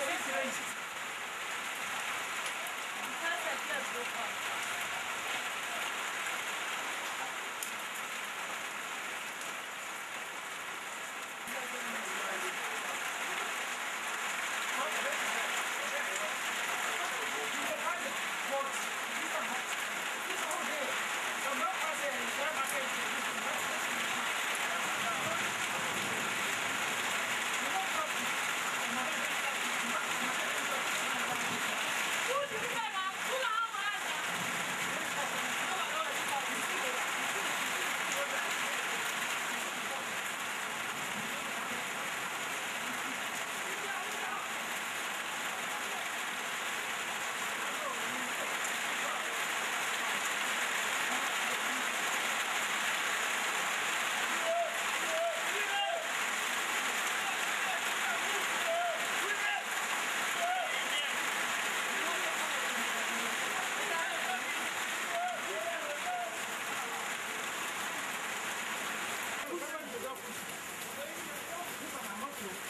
Thank you. よ。